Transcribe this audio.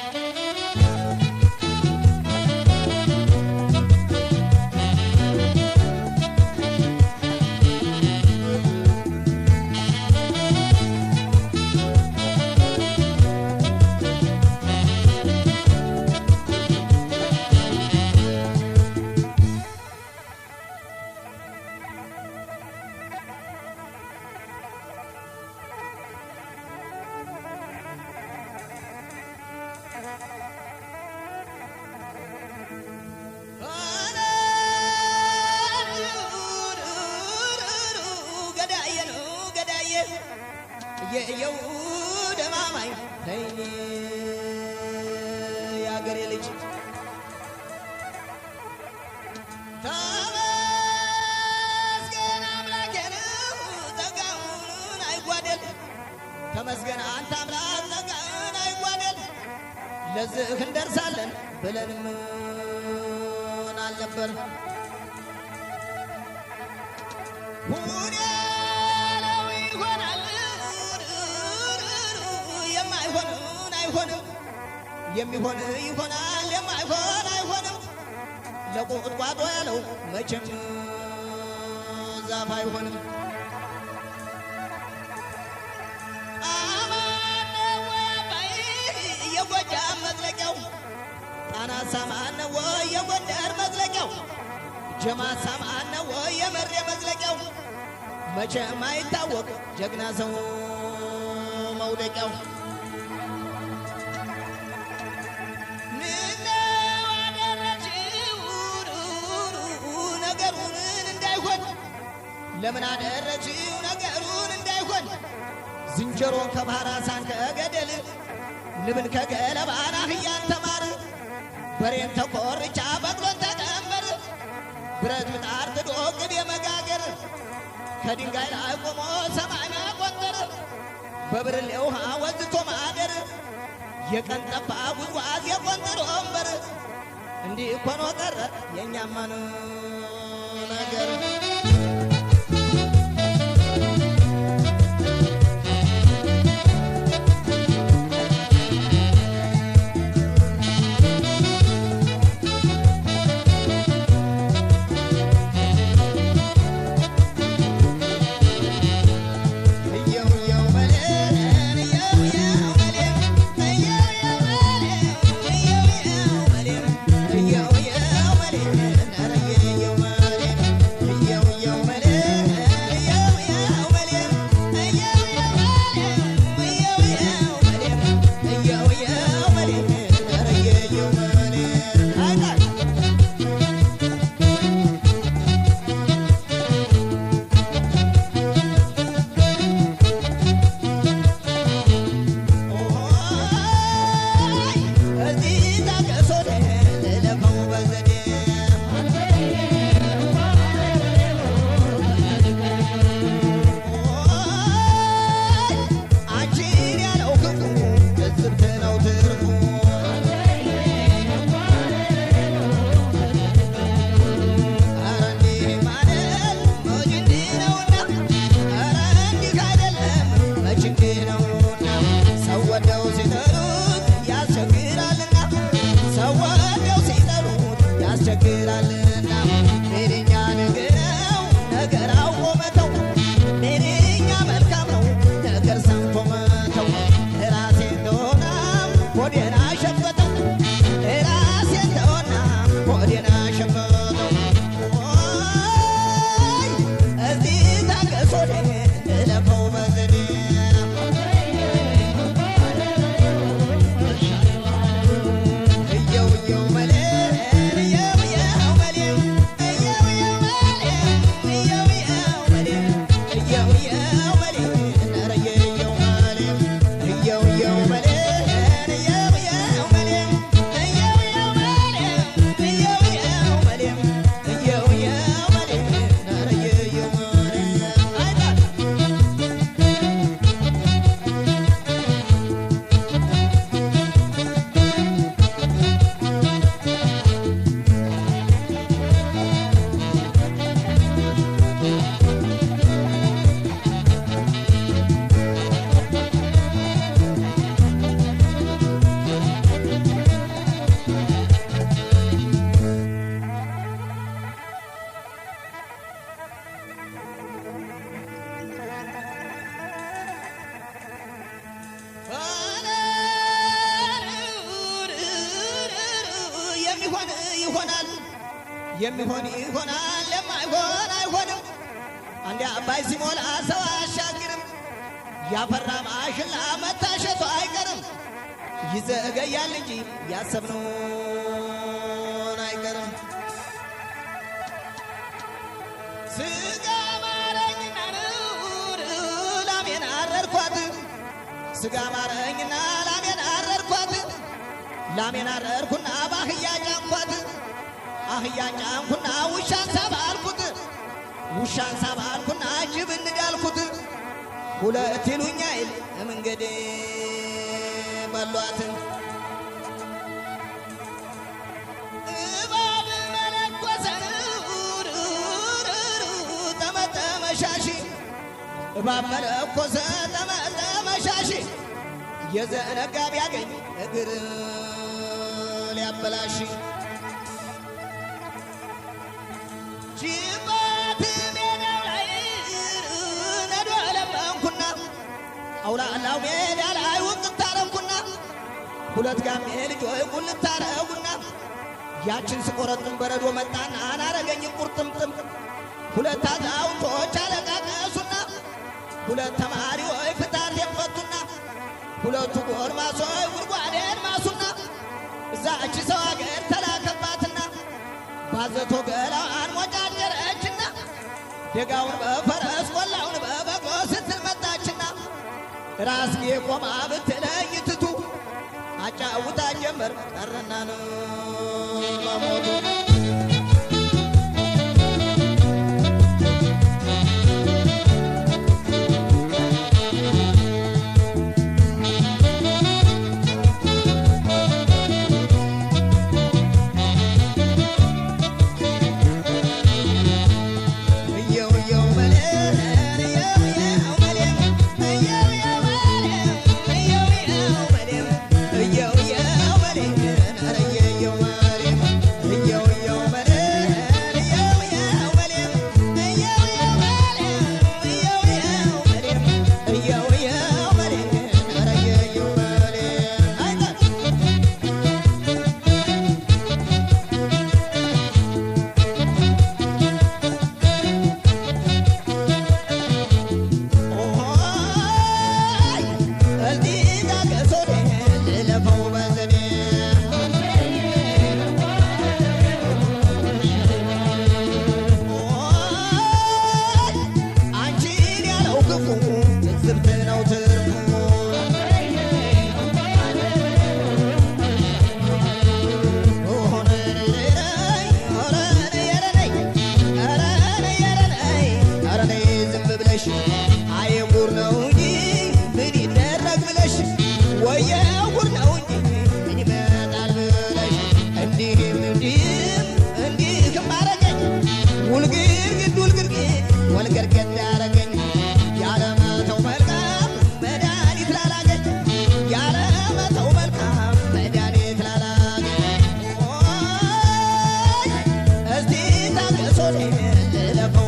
Thank you. ዘገየው ደማማኝ ተይኝ የአገሬ ልጅ ተመስገን አምላኬን ጸጋውን አይጓደል ተመስገን አንተ አምላክ ጸጋን አይጓደል ለዚህ እንደርሳለን ብለንም አልነበር አይሆንም፣ የሚሆን ይሆናል፣ የማይሆን አይሆንም። ለቁጥቋጦ ያለው መቼም ዛፍ አይሆንም። የጎጃም መዝለቂያው ጣና ሳማን ወይ የጎንደር መዝለቂያው ጀማ ሳማን ወይ የመሬ መዝለቂያው መቼም አይታወቅ ጀግና ሰው መውደቂያው ለምን አደረችው ነገሩን እንዳይሆን ዝንጀሮን ከባህር አሳን ከገደል ንብን ከገለባና አህያን ተማር በሬን ተኮርቻ በቅሎን ተቀንበር ብረት ምጣድ ጥዶ ቅቤ መጋገር ከድንጋይ ላይ ቆሞ ሰማይ መቆጠር በብርሌ ውሃ ወዝቶ ማደር የቀን ጠባ ጉዝጓዝ የቆንጥር ወንበር እንዲህ እኮ ነው ቀረ የእኛማ ነው ነገር የሚሆን ይሆናል የማይሆን አይሆንም። አንዴ አባይ ሲሞላ ሰው አያሻግርም። ያፈራ ማሽላ መታሸቱ አይቀርም። ይዘገያል እንጂ ያሰብነውን አይቀርም። ስጋ ማረኝና ላሜን አረድኳት። ስጋ ማረኝና ላሜን አረድኳት። ላሜን አረድኩና ባሕያጫ እያጫንኩና ውሻን ሳባልኩት ውሻን ሳባልኩና ጅብ እንዳልኩት ሁለት ይሉኛ ይል መንገዴ በሏት እባብ መነኮሰን ጠመጠመ እባብ መነኮሰ ጠመጠመ የዘነጋ ቢያገኝ እግር ሊያበላሽ ጅባት ሜዳው ላይ ነዶ ለመንኩና አውላላው ሜዳ ላይ ውቅት አረኩና ሁለት ጋሜ ልጆይ ቁልት አረጉና ያችን ስቆረጥም በረዶ መጣና አናረገኝ ቁርጥምጥም ሁለት አዛውንቶች አለቃቀሱና ሁለት ተማሪዎች ፍታት የፈቱና ሁለቱ ጎርማሶች ጉድጓዴን ማሱና እዛች ሰው አገር ተላከባትና ባዘቶ ገላዋን ደጋውን በፈረስ ቆላውን በበቆ ስትል መጣችና ራስጌ ቆማ ብትለይ ትቱ አጫውታ ጀመር መሞቱ Yeah.